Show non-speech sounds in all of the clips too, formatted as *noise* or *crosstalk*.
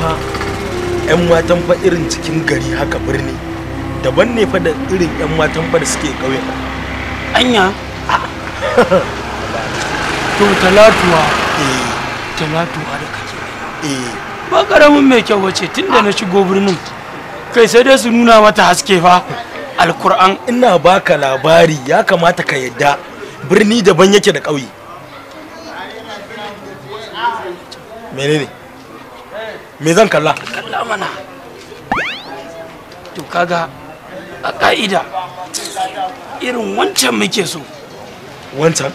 fa yan matan fa irin cikin gari haka birni daban ne fa da irin yan matan fa da suke ƙauye anya to talatuwa eh talatuwa da kake eh ba karamin mai kyau wace tunda na shigo birnin kai sai dai su nuna mata haske fa alkur'an ina baka labari ya kamata ka yadda birni daban yake da ƙauye menene me zan kalla kalla mana to kaga a ka'ida irin wancan muke so wancan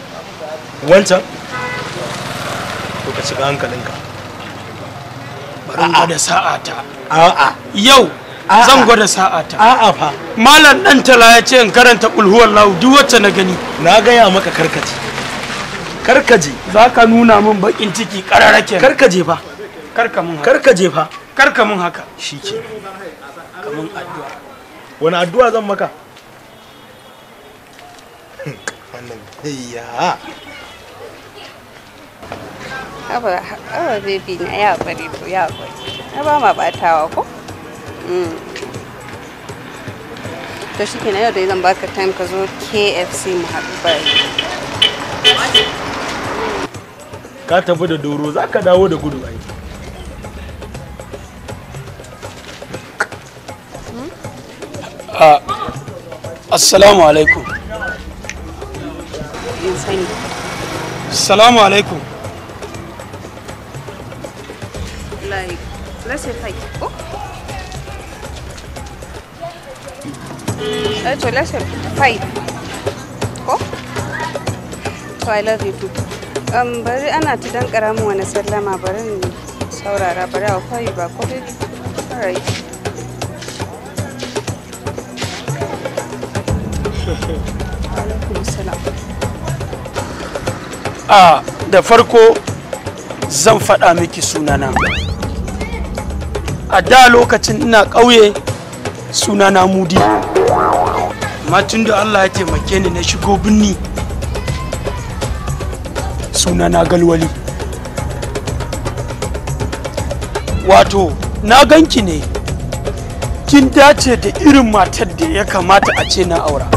wancan to ka shiga hankalinka bari gwada sa'ata a'a yau zan gwada sa'ata a'a fa malam dan tala ya ce in karanta kulhuwallahu duk wacce na gani na gaya maka karkace karkaje za ka nuna min bakin ciki kararake karkaje fa karka mun haka jefa karka mun haka shike kaman addu'a wani addu'a zan maka wannan ya na ya bari to ya mm. da baka time KFC mu tafi da doro za dawo da gudu assalamu alaikum assalamu alaikum like let's say five oh mm, let's say, five oh so i love you too um bari ana ta dan karamin wani sallama bari saurara bari a ba ko dai all right a da farko zan faɗa miki sunana a da lokacin ina ƙauye sunana mudi matin da allah ya taimake ni na shigo binni sunana galwali wato na ganki ne kin dace da irin matar da ya kamata a ce na aura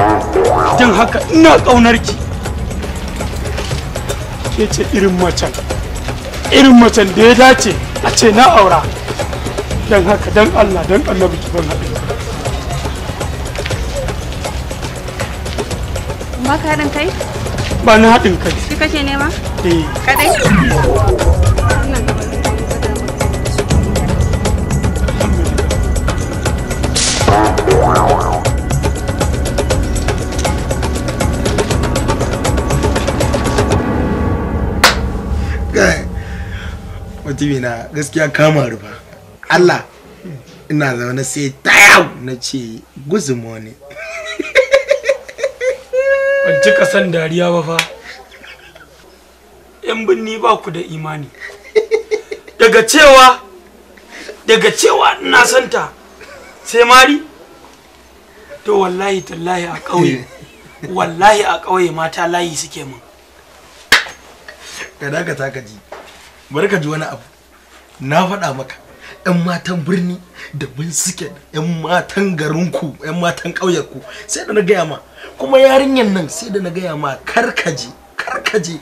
don haka ina kaunar ki ke ce irin macen irin macen da ya dace a ce na aura don haka don allah don allah biki ban haɗu ba ka haɗin kai? ba na haɗin kai shi kake nema? eh kaɗai? TV na gaskiya kama rufa Allah ina zaune sai tayau na ce guzumo ne *laughs* ban ci kasan dariya ba fa yan binni ba ku da imani daga cewa daga cewa ina santa sai mari to wallahi tallahi a ƙauye *laughs* wallahi a ƙauye mata layi suke mun ka dakata ka ji bari ka ji wani abu na faɗa maka yan matan birni da mun suke yan matan garinku yan matan ƙauyenku sai da na gaya ma kuma yarinyan nan sai da na gaya ma karkaje karkaje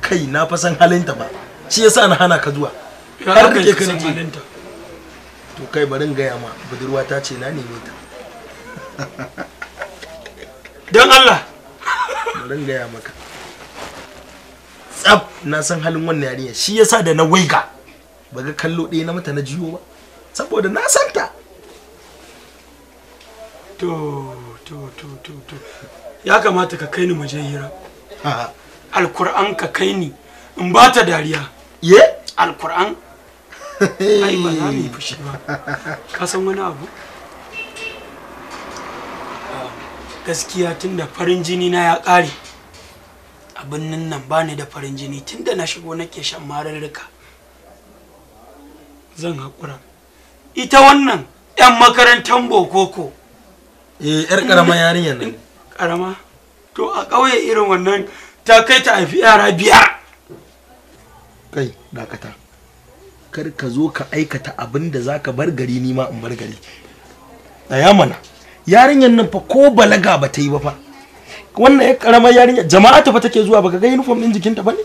kai na fa san halinta ba shi yasa na hana ka zuwa har ke ka halinta to kai barin gaya ma budurwa ta ce na neme ta dan Allah barin gaya maka tsaf na san halin wannan yarinya shi yasa da na waiga ba ga kallo ɗaya na mata na jiyo ba saboda na santa to to to to to ya kamata ka kai ni muje hira alkur'an ka kai ni in ba ta dariya ye alkur'an *laughs* ai ba za mu yi fushi ba ka san wani abu ah, gaskiya tunda farin jini na ya ƙare a nan ba ni da farin jini tunda na shigo nake shan mararrika zan haƙura ita wannan 'yan makarantar bokoko eh yar ƙarama yarinya nan karama to a ƙauye irin wannan ta kai ta haifi yara biyar kai dakata kar ka zo ka aikata abin da za ka bar gari nima in bar gari a mana yarinyar nan fa ko balaga ba ta yi ba fa wannan ya karamar yarinya jama'a ta fa take zuwa baka ga uniform din jikinta bane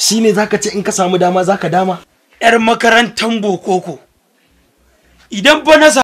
shine zaka ce in ka samu dama zaka dama yar makarantan bokoko idan ba na